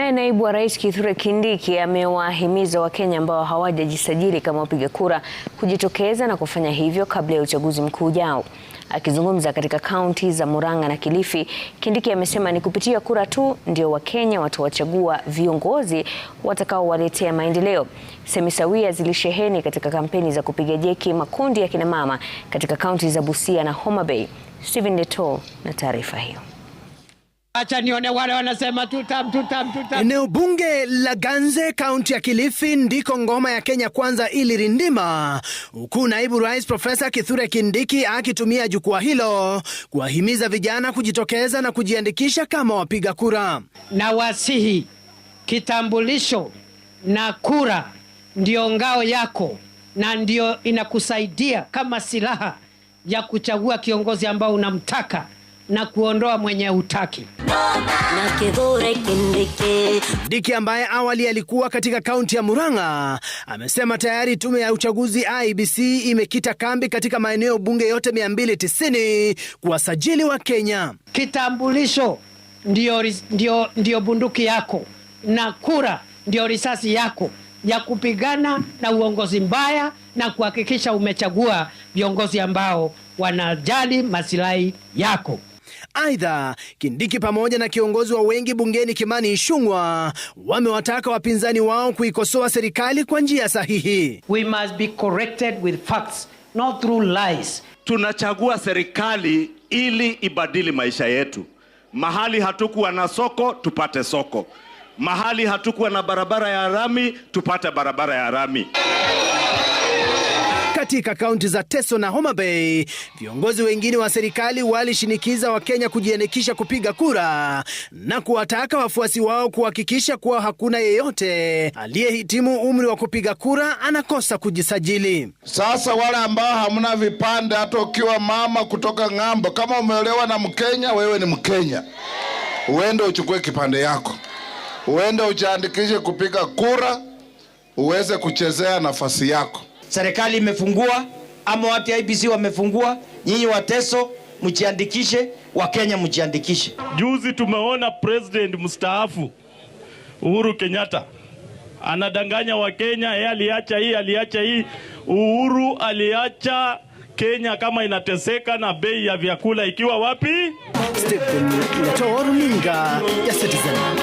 Naye naibu wa rais Kithure Kindiki amewahimiza Wakenya ambao hawajajisajili kama wapiga kura kujitokeza na kufanya hivyo kabla ya uchaguzi mkuu ujao. Akizungumza katika kaunti za Murang'a na Kilifi, Kindiki amesema ni kupitia kura tu ndio Wakenya watawachagua viongozi watakaowaletea maendeleo. Semi sawia zilisheheni katika kampeni za kupiga jeki makundi ya kinamama katika kaunti za Busia na Homa Bay. Stephen Leto na taarifa hiyo. Acha nione wale wanasema tutam, tutam, tutam. Eneo bunge la Ganze kaunti ya Kilifi ndiko ngoma ya Kenya Kwanza ilirindima, huku naibu rais Profesa Kithure Kindiki akitumia jukwaa hilo kuwahimiza vijana kujitokeza na kujiandikisha kama wapiga kura. Na wasihi, kitambulisho na kura ndio ngao yako na ndio inakusaidia kama silaha ya kuchagua kiongozi ambao unamtaka na kuondoa mwenye utaki Diki ambaye awali alikuwa katika kaunti ya Murang'a amesema tayari tume ya uchaguzi IBC imekita kambi katika maeneo bunge yote 290 kuwasajili wa Kenya. Kitambulisho ndio, ndio, ndiyo bunduki yako na kura ndiyo risasi yako ya kupigana na uongozi mbaya na kuhakikisha umechagua viongozi ambao wanajali masilahi yako. Aidha, Kindiki pamoja na kiongozi wa wengi bungeni Kimani ishungwa wamewataka wapinzani wao kuikosoa serikali kwa njia sahihi. We must be corrected with facts, not through lies. Tunachagua serikali ili ibadili maisha yetu. Mahali hatukuwa na soko tupate soko, mahali hatukuwa na barabara ya rami tupate barabara ya rami katika kaunti za Teso na Homa Bay. Viongozi wengine wa serikali walishinikiza Wakenya kujiandikisha kupiga kura na kuwataka wafuasi wao kuhakikisha kuwa hakuna yeyote aliyehitimu umri wa kupiga kura anakosa kujisajili. Sasa wale ambao hamna vipande, hata ukiwa mama kutoka ng'ambo, kama umeolewa na Mkenya, wewe ni Mkenya, uende uchukue kipande yako, uende ujiandikishe kupiga kura, uweze kuchezea nafasi yako serikali imefungua ama watu IBC wamefungua. Nyinyi Wateso mjiandikishe, Wakenya mjiandikishe. Juzi tumeona president mstaafu Uhuru Kenyatta anadanganya Wakenya, yeye aliacha hii, aliacha hii. Uhuru aliacha Kenya kama inateseka na bei ya vyakula ikiwa wapi? Stephen Runinga ya Citizen.